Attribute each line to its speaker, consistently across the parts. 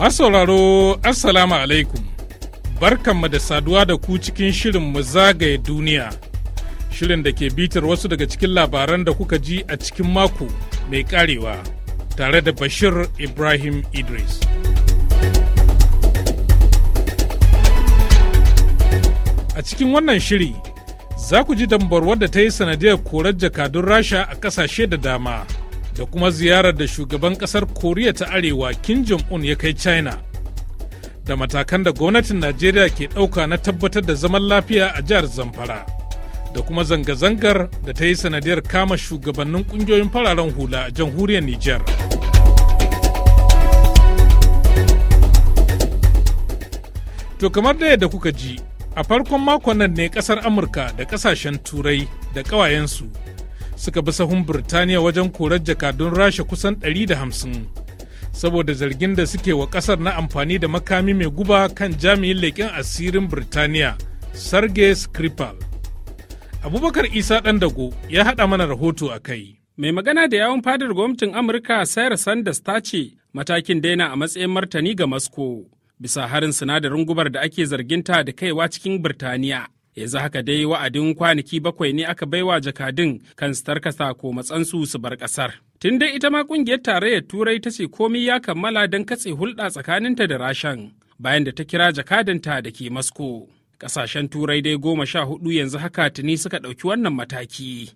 Speaker 1: Masauraro Assalamu alaikum barkanmu da saduwa da ku cikin shirin mu zagaye duniya shirin da ke bitar wasu daga cikin labaran da kuka ji a cikin mako mai karewa tare da Bashir Ibrahim Idris. A cikin wannan shiri za ku ji dambarwar da ta yi sanadiyar korar jakadun rasha a ƙasashe da dama. da kuma ziyarar da shugaban kasar koriya ta arewa kim jong-un ya kai china da matakan da gwamnatin najeriya ke ɗauka na tabbatar da zaman lafiya a jihar zamfara da kuma zanga-zangar da ta yi sanadiyar kama shugabannin ƙungiyoyin fararen hula a jamhuriyar niger to kamar da yadda kuka ji a farkon makon nan ne kasar amurka da kasashen turai da ƙawayensu suka bi sahun Birtaniya wajen korar jakadun Rasha kusan 150 saboda zargin da suke wa kasar na amfani da makami mai guba kan jami'in leƙen asirin Birtaniya,
Speaker 2: Sergei Skripal. Abubakar Isa Dandago ya haɗa mana rahoto a kai. Mai magana da yawon fadar gwamnatin Amurka Sarah Sanders ta ce matakin daina a matsayin martani ga Moscow bisa harin sinadarin gubar da ake zarginta da kaiwa cikin Birtaniya. yanzu haka dai wa'adin kwanaki bakwai ne aka baiwa jakadun kan su tarkasa ko matsansu su bar kasar tun dai ita ma kungiyar tarayyar turai ta ce komi ya kammala don katse hulɗa tsakaninta da rashan bayan da ta kira jakadanta da ke masko ƙasashen turai dai goma sha hudu yanzu haka tuni suka ɗauki wannan mataki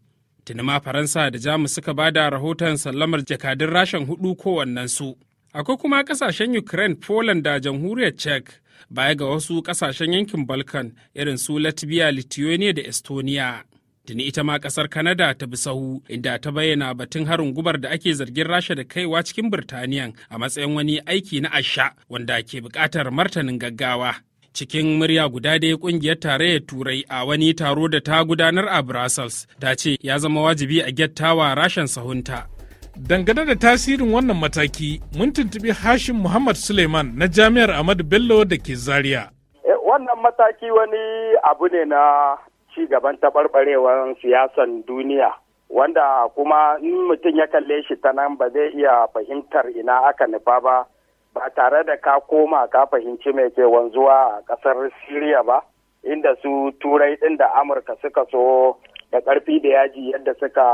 Speaker 2: tuni ma faransa da jamus suka ba da rahoton sallamar jakadun rashan hudu kowannensu akwai kuma ƙasashen ukraine poland da jamhuriyar czech baya ga wasu kasashen yankin balkan irin su latvia lithuania da estonia tuni ita ma kasar Kanada ta bi sahu inda ta bayyana batun harin gubar da ake zargin Rasha da kaiwa cikin Birtaniya. a matsayin wani aiki na asha wanda ke bukatar martanin gaggawa. Cikin murya guda dai kungiyar tarayyar Turai a wani taro da ta gudanar a Brussels ta ce ya zama wajibi a gyattawa rashin sahunta. Dangane da tasirin wannan mataki, mun tuntubi Hashim
Speaker 1: Muhammad Suleiman na Jami'ar Ahmadu Bello da ke Zaria.
Speaker 3: Eh, wannan mataki wani abu ne na ci gaban taɓarɓarewar siyasan duniya, wanda kuma in mutum ya kalle shi ta nan ba zai iya fahimtar ina aka nufa ba, ba tare da ka koma ka fahimci mai ke wanzuwa a ƙasar Siriya ba, inda su Turai ɗin da Amurka suka so da karfi da yaji yadda suka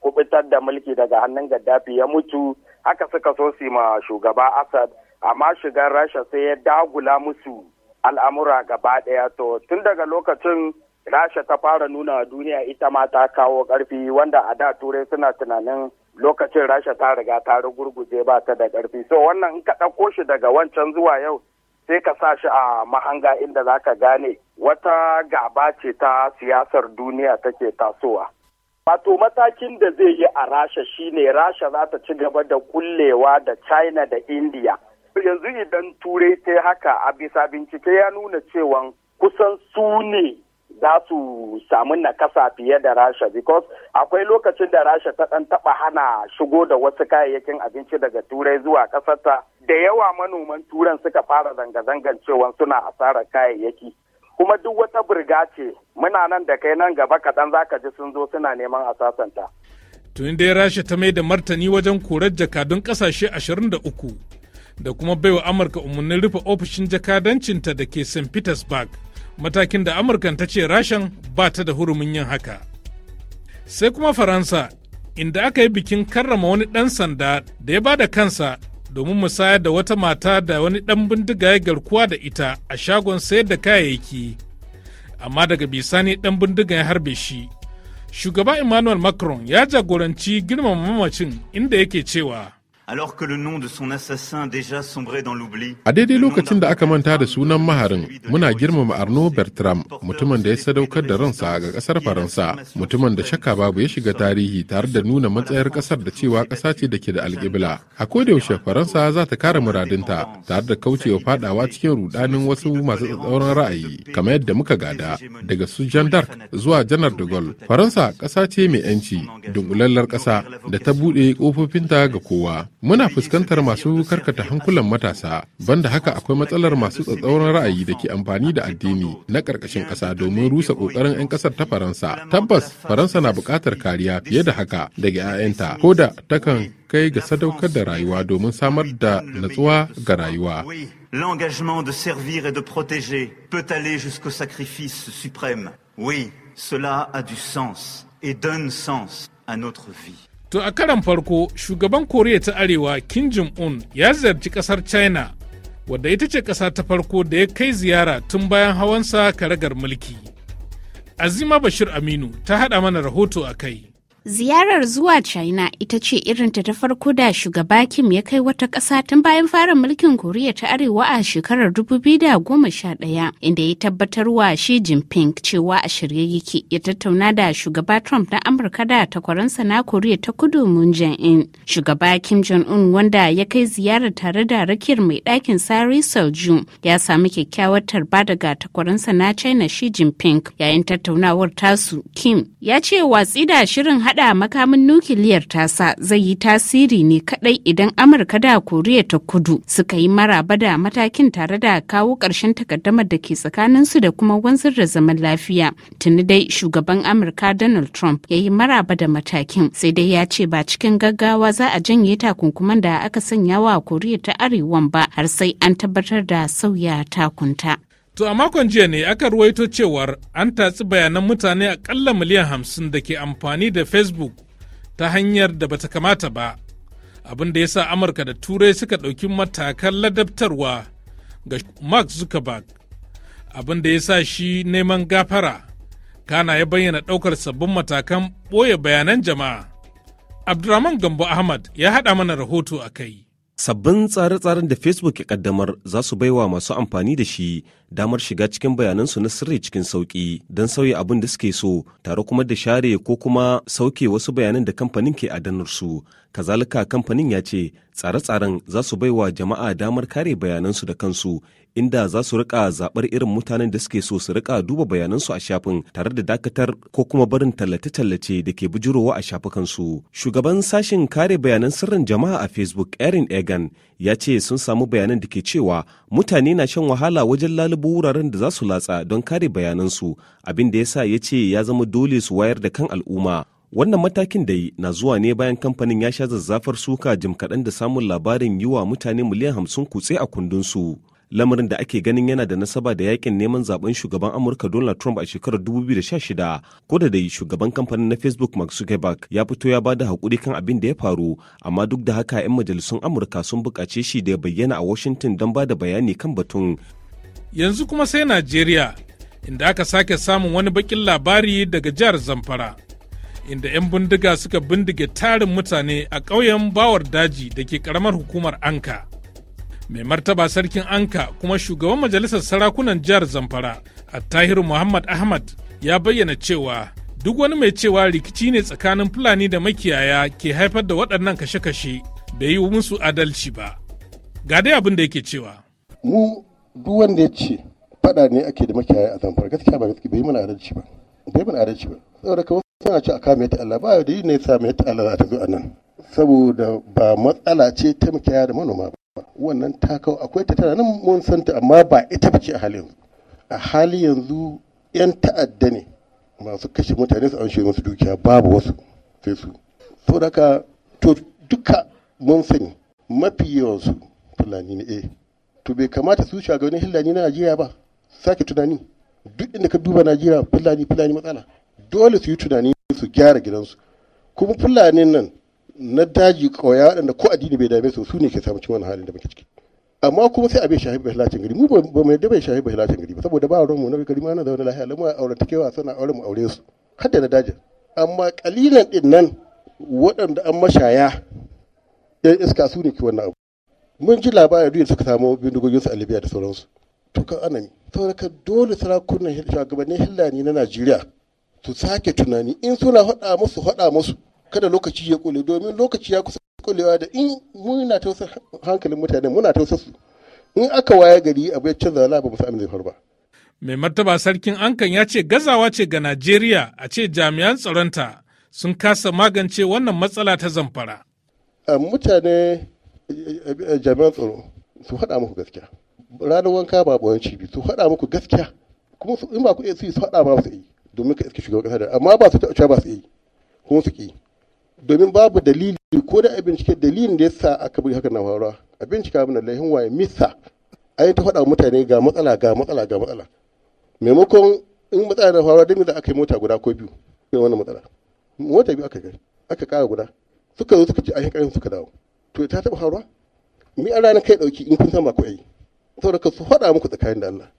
Speaker 3: kubutar da mulki daga hannun gaddafi ya mutu haka suka so su ma shugaba asad amma shigar rasha sai ya dagula musu al'amura gaba ɗaya to tun daga lokacin rasha ta fara nuna duniya ita ma ta kawo karfi wanda a da turai suna tunanin lokacin rasha ta riga ta rugurguje ba ta da ƙarfi so wannan in ka ɗauko shi daga wancan zuwa yau sai ka sa shi a mahanga inda za ka gane wata gaba ce ta siyasar duniya take tasowa. Wato matakin da zai yi a Rasha shine Rasha za ta ci gaba da kullewa da China da India. Yanzu idan Turai ta haka a bisa bincike ya nuna cewa kusan su ne za su samu nakasa fiye da rasha because akwai lokacin da rasha ta ɗan taɓa hana shigo da wasu kayayyakin abinci daga turai zuwa ƙasarta da yawa manoman turan suka fara zanga-zangan cewa suna asarar kayayyaki kuma duk wata burga ce muna nan da kai nan gaba kaɗan za ka ji sun zo suna neman asasanta. sasanta.
Speaker 1: tuni dai rasha ta mai da martani wajen korar jakadun ƙasashe 23 da kuma baiwa amurka umarnin rufe ofishin jakadancinta da ke st petersburg matakin da amurkan ta ce rashin ba ta da hurumin yin haka sai kuma faransa inda aka yi bikin karrama wani ɗan sanda da ya ba da kansa domin musaya da wata mata da wani ɗan bindiga ya garkuwa da ita a shagon sayar da kayayyaki amma daga bisani ɗan bindiga ya harbe shi shugaba emmanuel macron ya jagoranci girmama mamacin inda yake cewa A
Speaker 2: daidai lokacin da aka manta da sunan maharin, muna girmama Arno Bertram, mutumin da ya sadaukar da ransa ga kasar Faransa, mutumin da shakka babu ya shiga tarihi tare da nuna matsayar kasar da cewa ƙasa ce da ke da alƙibla. A kodayaushe Faransa za ta kare muradinta tare da kaucewa fadawa cikin rudanin wasu masu tsatsauran ra'ayi, kamar yadda muka gada daga su Jean d'Arc zuwa Janar de Gaulle. Faransa ƙasa ce mai 'yanci, dunkulallar ƙasa da ta buɗe kofofinta ga kowa. muna fuskantar masu karkata hankulan matasa banda haka akwai matsalar masu tsatsauran ra'ayi da ke amfani da addini na ƙarƙashin ƙasa domin rusa ƙoƙarin 'yan ƙasar ta faransa tabbas faransa na buƙatar kariya fiye da haka daga 'ya'yanta ko da takan kai ga sadaukar da rayuwa domin samar da natsuwa ga rayuwa
Speaker 4: L'engagement de servir et de protéger peut aller jusqu'au sacrifice suprême. Oui, cela a du sens et donne sens à notre vie.
Speaker 1: To a karan farko shugaban Koriya ta Arewa Kim Jong-un ya ziyarci ƙasar China wadda ita ce ƙasa ta farko da ya kai ziyara tun bayan hawansa karagar mulki. Azima Bashir Aminu ta haɗa mana rahoto a kai.
Speaker 5: Ziyarar zuwa China ita ce irinta ta farko da shugaba Kim ya kai wata ƙasa tun bayan fara mulkin Koriya ta Arewa a shekarar 2011 inda ya tabbatar wa Xi Jinping cewa a shirye yake ya tattauna da shugaba Trump na Amurka da takwaransa na Koriya ta Kudu Moon Jae-in. Shugaba Kim Jong-un wanda ya kai ziyarar tare da rakiyar mai ɗakin Sari Seo ya samu kyakkyawar tarba daga takwaransa na China Xi Jinping yayin tattaunawar tasu Kim ya ce watsi da shirin hada makamin nukiliyar tasa zai yi tasiri ne kadai idan Amurka da Koriya ta kudu suka yi maraba da matakin tare da kawo ƙarshen takaddamar da ke tsakaninsu da kuma wanzar da zaman lafiya. Tuni dai shugaban Amurka Donald Trump ya yi maraba da matakin sai dai ya ce ba cikin gaggawa za a janye takunkuman da aka sanya wa Koriya ta Arewan ba har sai an tabbatar da sauya takunta.
Speaker 1: To a makon jiya ne aka ruwaito cewar an tatsi bayanan mutane akalla miliyan hamsin da ke amfani da Facebook ta hanyar da bata kamata ba, abin da ya sa Amurka da Turai suka ɗauki matakan ladabtarwa ga Mark Zuckerberg, abin da ya sa shi neman gafara, kana ya bayyana ɗaukar sabbin matakan ɓoye bayanan jama'a. Abdurrahman Gambo Ahmad ya haɗa mana rahoto a kai. Sabbin tsare-tsaren
Speaker 6: da Facebook ya ƙaddamar za su baiwa masu amfani da shi damar shiga cikin bayanansu na sirri cikin sauƙi don sauya abin da suke so tare kuma da share ko kuma sauke wasu bayanan da kamfanin ke adanarsu kazalika kamfanin ya ce tsare-tsaren za su baiwa jama'a damar kare bayanansu da kansu inda za su rika zaɓar irin mutanen da suke so su rika duba bayanansu a shafin tare da dakatar ko kuma barin tallace-tallace da ke bujurowa a shafukansu shugaban sashen kare bayanan sirrin jama'a a facebook erin egan ya ce sun samu bayanan da ke cewa mutane na shan wahala wajen lalubu babu wuraren da za su latsa don kare bayanansu abin da ya sa ya ce ya zama dole su wayar da kan al'umma wannan matakin da yi na zuwa ne bayan kamfanin ya sha zazzafar suka jim kaɗan da samun labarin yi wa mutane miliyan hamsin kutse a kundinsu lamarin da ake ganin yana da nasaba da yakin neman zaben shugaban amurka donald trump a shekarar 2016 ko da dai shugaban kamfanin na facebook mark zuckerberg ya fito ya bada hakuri kan abin da ya faru amma duk da haka 'yan majalisun amurka sun buƙace shi da ya bayyana a washington don bada bayani kan batun
Speaker 1: yanzu kuma sai najeriya inda aka sake samun wani bakin labari daga jihar zamfara inda 'yan bindiga suka bindige tarin mutane a ƙauyen bawar daji da ke ƙaramar hukumar anka mai martaba sarkin anka kuma shugaban majalisar sarakunan jihar zamfara a tahiru muhammad ahmad ya bayyana cewa duk wani mai cewa rikici ne tsakanin fulani da makiyaya ke haifar da waɗannan kashe-kashe bai yi musu adalci ba ga dai abin da yake cewa
Speaker 7: mu duk wanda ya ce faɗa ne ake da makiyaya a zamfara gaskiya ba gaskiya bai mana adalci ba bai mana adalci ba saboda kawai suna ce a kame ta Allah ba da yi ne sa mai ta Allah za ta zo a nan saboda ba matsala ce ta makiyaya da manoma ba wannan ta kawo akwai ta tana nan mun san ta amma ba ita ba ce a hali yanzu a hali yanzu yan ta'adda ne masu kashe mutane su amshe musu dukiya babu wasu sai su saboda ka to duka mun sani mafi yawansu fulani ne eh to bai kamata su shugabannin hillani na najeriya ba sake tunani duk inda ka duba najeriya fulani fulani matsala dole su yi tunani su gyara gidansu kuma fulani nan na daji koya waɗanda ko addini bai dame su su ne ke samu cikin wannan halin da muke ciki amma kuma sai abin bai halacin gari mu ba mu yadda bai bai bahilacin gari ba saboda ba mu na gari ma na zaune lafiya lamar aurantakewa suna auren mu aure su hadda na dajin amma kalilan din nan waɗanda an mashaya yan iska su ne ke wannan abu mun ji labarin duk suka samu bindigoginsu a libya da sauransu to kan anami saboda dole sarakunan shugabannin hillani na najeriya su sake tunani in suna faɗa musu faɗa musu kada lokaci ya kule domin lokaci ya kusa kulewa da in muna tausar hankalin mutane muna tausar su in aka waye gari abu ya canza ba mu sami zai ba.
Speaker 1: mai martaba sarkin ankan ya ce gazawa ce ga najeriya a ce jami'an tsaronta sun kasa magance wannan matsala ta zamfara.
Speaker 7: mutane jami'an tsaro su haɗa muku gaskiya ranar wanka ba ɓoyon cibi su haɗa muku gaskiya kuma su in ba ku su yi su haɗa ma su yi domin ka iske shugaban ƙasa da amma ba su taɓa ba su yi kuma su ki domin babu dalili ko da a bincike dalilin da ya sa aka bi haka na faruwa a bincika mana lahin waye misa a yi ta faɗa mutane ga matsala ga matsala ga matsala maimakon in matsala na faruwa don da aka yi mota guda ko biyu irin wannan matsala mota biyu aka kai aka ƙara guda suka zo suka ci a yi suka dawo to ta taɓa faruwa mi a ranar kai ɗauki in kun san ba ku yi saboda ka su faɗa muku tsakanin da Allah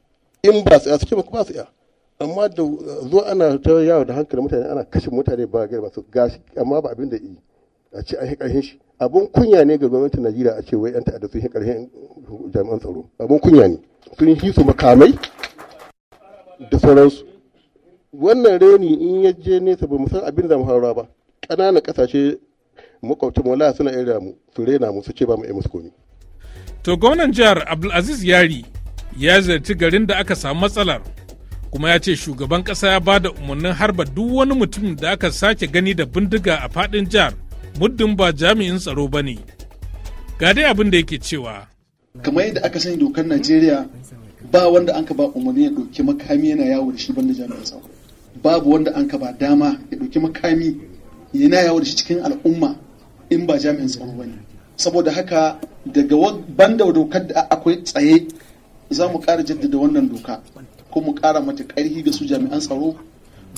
Speaker 7: in ba su ya suke ku ba su ya amma da zo ana ta yawo da hankali mutane ana kashe mutane ba gari masu gashi amma ba abin da yi a ce an yi shi abun kunya ne ga gwamnatin Najeriya a ce wai yan ta'adda sun yi ƙarfin jami'an tsaro abun kunya ne sun yi su makamai da sauransu wannan reni in ya je nesa ba mu san abin da mu ba ƙananan ƙasashe makwabtan wala suna iya mu su rena mu su ce ba mu iya musu komi.
Speaker 1: To gwamnan jihar Abdulaziz Yari ya ziyarci garin da aka samu matsalar kuma ya ce shugaban ƙasa ya ba da umarnin harba duk wani mutum da aka sake gani da bindiga a faɗin jihar muddin ba jami'in tsaro ba ne. Ga dai abin da yake cewa.
Speaker 8: Kamar yadda aka sani dokar Najeriya ba wanda an ka ba umarni ya ɗauki makami yana yawo da shi banda jami'in tsaro. Babu wanda an ka ba dama ya ɗauki makami yana yawo da shi cikin al'umma ba jami'in tsaro ba ne saboda haka daga banda dokar da akwai tsaye za mu ƙara jaddada wannan doka ko mu ƙara mata ƙarfi ga su jami'an tsaro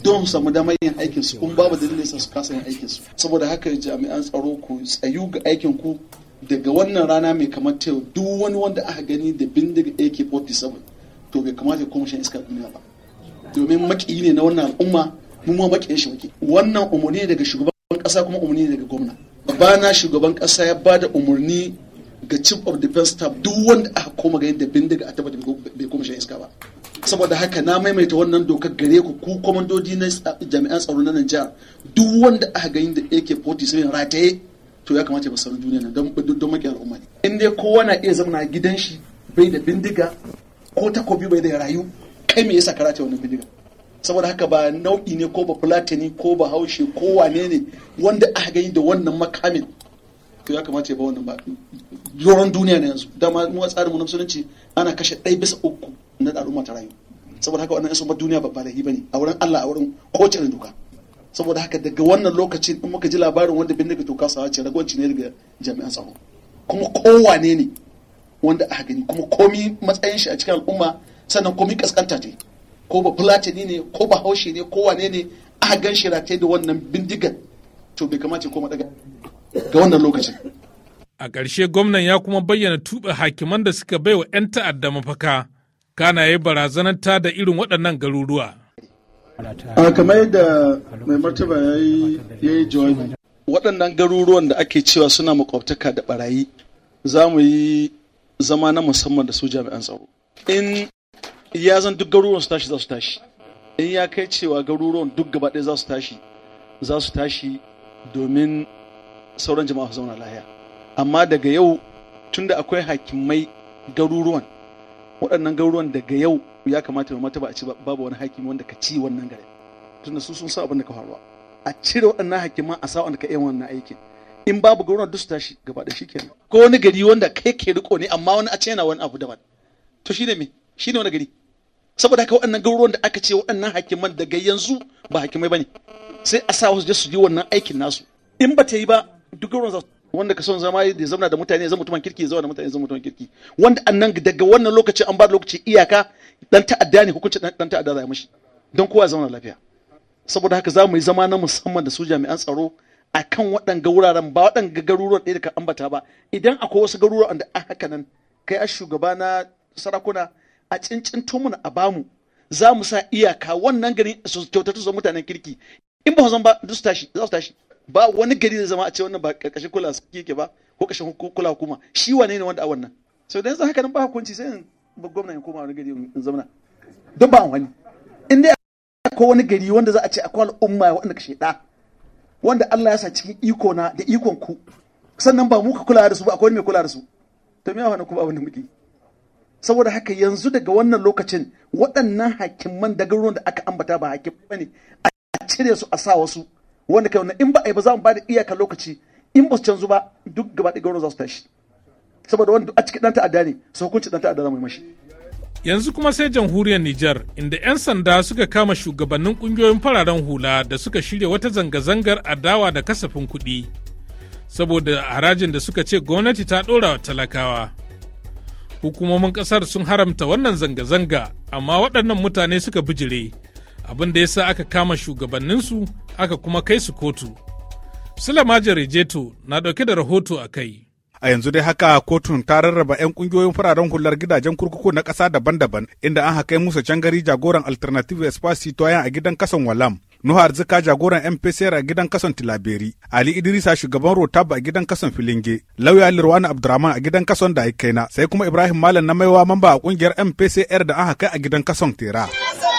Speaker 8: don samu damar yin aikin su kuma babu dalilin su kasa yin aikin su saboda haka jami'an tsaro ku tsayu ga aikin ku daga wannan rana mai kamar ta duk wani wanda aka gani da bindiga AK47 to bai kamata ya koma shan iskar duniya ba domin maki ne na wannan al'umma mu ma bakin shi wannan umarni daga shugaban kasa kuma umarni daga gwamna bana shugaban kasa ya ba da umarni ga chief of defense staff duk wanda aka koma ga yadda bindiga a tabbata bai koma shan iska ba saboda haka na maimaita wannan dokar gare ku ku komandodi na jami'an tsaro na Nijar duk wanda aka ga yadda AK47 rataye to ya kamata ba sanin duniya don don maki al'umma ne in dai kowa na iya zama gidan shi bai da bindiga ko takobi bai da rayu kai me yasa karata wannan bindiga saboda haka ba nau'i ne ko ba fulatani ko ba haushe ko wane ne wanda aka gani da wannan makamin to ya kamata ya ba wannan ba yoron duniya ne yanzu dama mu tsarin mu na musulunci ana kashe ɗaya bisa uku na al'umma ta rayu saboda haka wannan sun ba duniya babba laifi bane a wurin Allah a wurin kowace duka doka saboda haka daga wannan lokaci in muka ji labarin wanda daga toka sa ce ragwanci ne daga jami'an tsaro kuma kowane ne wanda aka gani kuma komi matsayin shi a cikin al'umma sannan komi kaskanta ce ko ba fulatani ne ko ba haushe ne ko wane ne a gan shiratai da wannan bindigan to bai kamata ko madaga ga wannan
Speaker 1: lokacin a ƙarshe gwamnan ya kuma bayyana tuɓe hakiman da suka baiwa 'yan ta'adda mafaka kana yi barazanar ta da irin waɗannan garuruwa
Speaker 8: a kamar yadda mai martaba ya yi jawabi waɗannan garuruwan da ake cewa suna makwabtaka da barayi za mu yi zama na musamman da su jami'an tsaro in ya zan duk garuruwan su tashi za su tashi in ya kai cewa garuruwan duk gaba ɗaya za su tashi za su tashi domin sauran jama'a su zauna lahiya amma daga yau tunda akwai hakimai garuruwan waɗannan garuruwan daga yau ya kamata mai mata ba a ci babu wani hakimi wanda ka ci wannan gare tunda su sun sa abin da ka faruwa a cire waɗannan hakiman a sa wanda ka yi wannan aikin in babu garuruwan duk su tashi gaba ɗaya shi kenan ko wani gari wanda kai ke riko ne amma wani a ce yana wani abu daban to shine me shine wani gari saboda haka waɗannan garuruwan da aka ce waɗannan hakiman daga yanzu ba hakimai ne sai a sa wasu je su yi wannan aikin nasu in ba ta yi ba duk garuruwan za wanda ka son zama da zauna da mutane zama mutumin kirki zama da mutane zama mutumin kirki wanda annan daga wannan lokaci an ba da lokaci iyaka dan ta'adda ne hukunci dan ta'adda za a mishi don kowa zauna lafiya saboda haka za mu yi zama na musamman da su jami'an tsaro a kan waɗanga wuraren ba waɗanga garuruwan ɗaya da ka ambata ba idan akwai wasu garuruwan da a nan kai a shugaba na sarakuna a cincinto mun a bamu za mu sa iyaka wannan gari su kyautatu su mutanen kirki in ba zan ba su tashi za su tashi ba wani gari zai zama a ce wannan ba karkashin kula su kike ba ko kashin kula hukuma shi wane ne wanda a wannan sau da yanzu haka nan ba hukunci sai in gwamna ya koma wani gari in zama don ba wani in dai akwai wani gari wanda za a ce akwai al'umma wanda kashe da wanda Allah ya sa cikin iko na da ikon ku sannan ba mu ka kula da su ba akwai wani mai kula da su to me ya wani kuma abin da muke saboda haka yanzu daga wannan lokacin waɗannan hakiman daga ruwan da aka ambata ba hakim ba ne a cire su a sa wasu wanda kai wannan in ba a yi ba za mu ba da iyaka lokaci in ba su canzu ba duk gaba ɗaya ruwan za su tashi saboda wanda a cikin ɗan ta'adda ne su hukunci ɗan ta'adda za mu yi mashi.
Speaker 1: yanzu kuma sai jamhuriyar Nijar inda 'yan sanda suka kama shugabannin kungiyoyin fararen hula da suka shirya wata zanga-zangar adawa da kasafin kuɗi saboda harajin da suka ce gwamnati ta ɗora wa talakawa. hukumomin kasar sun haramta wannan zanga-zanga amma waɗannan mutane suka bijire abin da ya sa aka kama shugabanninsu aka kuma kai su kotu. Sulema Jerejeto na ɗauke da rahoto a kai.
Speaker 9: A yanzu dai haka kotun ta rarraba 'yan kungiyoyin fararen hular gidajen kurkuku na kasa daban-daban inda an haka Musa Cangari jagoran Alternative Espace Citoyen a gidan kasan Walam. Nuhu Arzika jagoran MPCR a gidan kasan Tilaberi, Ali Idrisa shugaban Rotab a gidan kasan Filinge, Lauya Lirwani Abdurrahman a gidan kason da kaina, sai kuma Ibrahim Malam na maiwa mamba a kungiyar MPCR da an haka a gidan kasan Tera.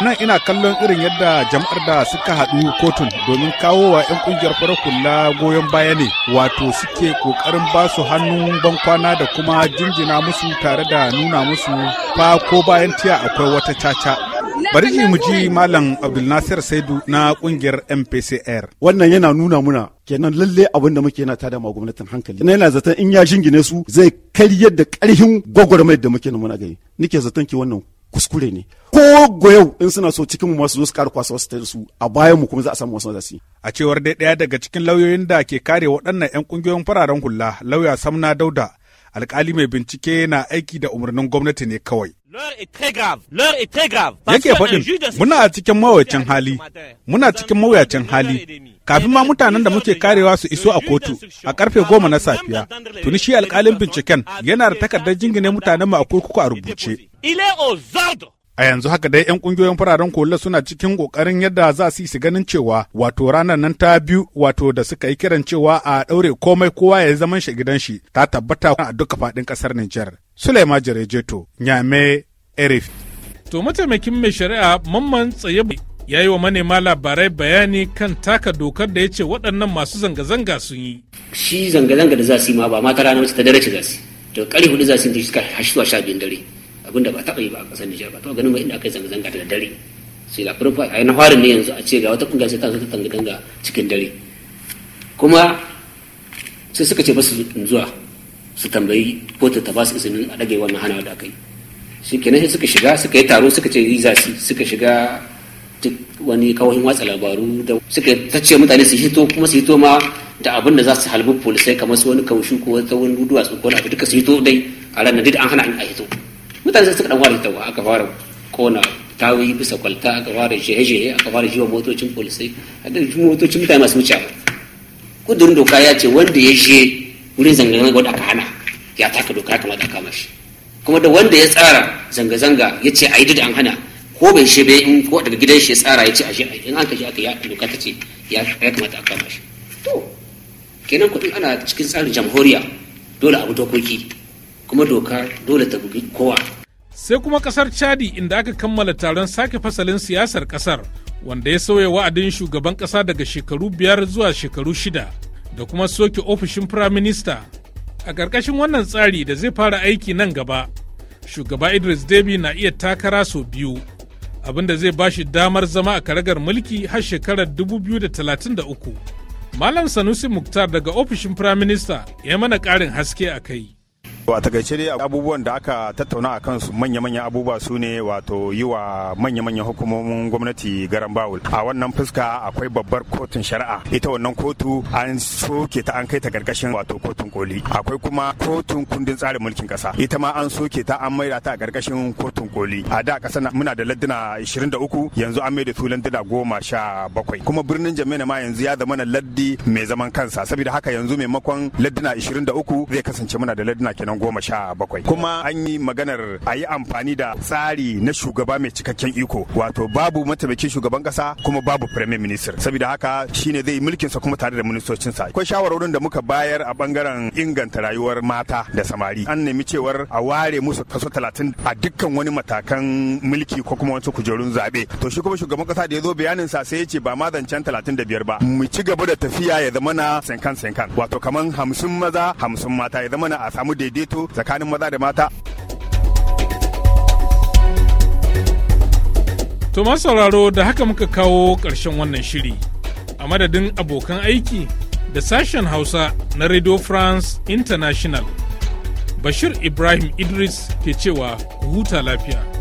Speaker 9: nan ina kallon irin yadda jama'ar da suka haɗu kotun domin kawo wa 'yan kungiyar farar goyon baya ne wato suke ƙoƙarin ba su hannun bankwana da kuma jinjina musu tare da nuna musu fa ko bayan tiya akwai wata caca bari ji mu ji malam abdulnasir saidu na kungiyar mpcr wannan yana nuna muna kenan lalle abin da muke yana tada ma gwamnatin hankali
Speaker 4: na yana zaton in ya jingine su zai karyar da karhin gwagwarmayar da muke muna gani nike zaton ki wannan kuskure ne ko goyau in suna so cikin mu masu zo su ƙara kwasa
Speaker 9: wasu ta su a bayan mu kuma za a samu wasu za a cewar dai ɗaya daga cikin lauyoyin da ke kare waɗannan 'yan ƙungiyoyin fararen hula lauya samna dauda alkali mai bincike na aiki da umarnin gwamnati ne kawai.
Speaker 6: Yake faɗin
Speaker 9: muna a cikin mawuyacin hali, muna cikin mawuyacin hali. Kafin ma mutanen da muke karewa su iso a kotu a karfe goma na safiya, tuni shi alkalin binciken yana da takardar jingine mutanen mu a kurkuku a rubuce. A yanzu haka dai 'yan kungiyoyin fararen kula suna cikin kokarin yadda za su yi ganin cewa wato ranar nan ta biyu wato da suka yi kiran cewa a ɗaure komai kowa ya zaman shi gidan shi ta tabbata a duka faɗin ƙasar Nijar. Suleiman Jerejeto, Nyame, Erif.
Speaker 1: To mataimakin mai shari'a mamman tsaye ya yi wa manema labarai bayani kan taka dokar da ya ce waɗannan masu zanga-zanga sun yi.
Speaker 10: Shi zanga-zanga da za su yi ma ba mata ranar ta dare ce za su. To ƙarfi hudu za su yi ta shi zuwa sha biyun dare. abin da ba taɓa yi ba a ƙasar Nijar ba taɓa ganin ba inda aka yi zanga-zanga daga dare sai la farko a na hwarin ne yanzu a ce ga wata kungiya sai ta zo ta tanga-tanga cikin dare kuma sai suka ce ba su zuwa su tambayi ko ta ba su izinin a dage wannan hana da aka yi shi kenan sai suka shiga suka yi taro suka ce yi zasi suka shiga duk wani kawahin watsa labaru da suka ta ce mutane su hito kuma su hito ma da abin da za su halbi polisai kamar su wani kaushu ko wata wani duwatsu ko wani abu duka su hito dai a ranar duk an hana a hito mutane suka dan ware tawa aka fara kona tawayi bisa kwalta aka fara shehe-shehe aka fara jiwa motocin polisai a da motocin mutane masu wuce kudin doka ya ce wanda ya je wurin zanga-zanga da aka hana ya taka doka ya da kama shi kuma da wanda ya tsara zanga-zanga ya ce a yi da an hana ko bai shi bai in ko daga gidan shi ya tsara ya ce a shi in an kashi aka ya doka ta ce ya kamata a kama shi to kenan kudin ana cikin tsarin jamhuriya dole abu dokoki kuma doka dole ta bugi kowa
Speaker 1: sai kuma kasar chadi inda aka kammala taron sake fasalin siyasar kasar wanda ya sauya wa'adin shugaban kasa daga shekaru biyar zuwa shekaru shida da kuma soke ofishin firaminista a ƙarƙashin wannan tsari da zai fara aiki nan gaba shugaba idris debi na iya takara sau biyu da zai ba shi damar zama a karagar mulki har shekarar 2033 malam sanusi muktar daga ofishin firaminista ya mana ƙarin haske a kai
Speaker 4: wa takaice dai abubuwan da aka tattauna a kansu manya-manyan abubuwa su ne wato yi wa manya-manyan hukumomin gwamnati garan bawul a wannan fuska akwai babbar kotun shari'a ita wannan kotu an soke ta an kai ta karkashin wato kotun koli akwai kuma kotun kundin tsarin mulkin kasa ita ma an soke ta an maida ta a karkashin kotun koli a da kasa muna da larduna 23 yanzu an maida su sha 17 kuma birnin jami'a ma yanzu ya zama na laddi mai zaman kansa saboda haka yanzu maimakon larduna 23 zai kasance muna da larduna kenan nan goma sha bakwai kuma an yi maganar a yi amfani da tsari na shugaba mai cikakken iko wato babu mataimakin shugaban kasa kuma babu premier minister saboda haka shine zai mulkin sa kuma tare da sa akwai shawarorin da muka bayar a bangaren inganta rayuwar mata da samari an nemi cewar a ware musu kaso talatin a dukkan wani matakan mulki ko kuma wasu kujerun zabe to shi kuma shugaban kasa da ya zo bayanin sa sai ya ce ba ma zancen talatin da biyar ba mu ci gaba da tafiya ya zama na senkan senkan wato kaman hamsin maza hamsin mata ya zama na a samu daidai daidaito tsakanin maza da mata
Speaker 1: To sauraro da haka muka kawo ƙarshen wannan shiri a madadin abokan aiki da sashen Hausa na Radio France International. Bashir Ibrahim Idris ke cewa huta lafiya.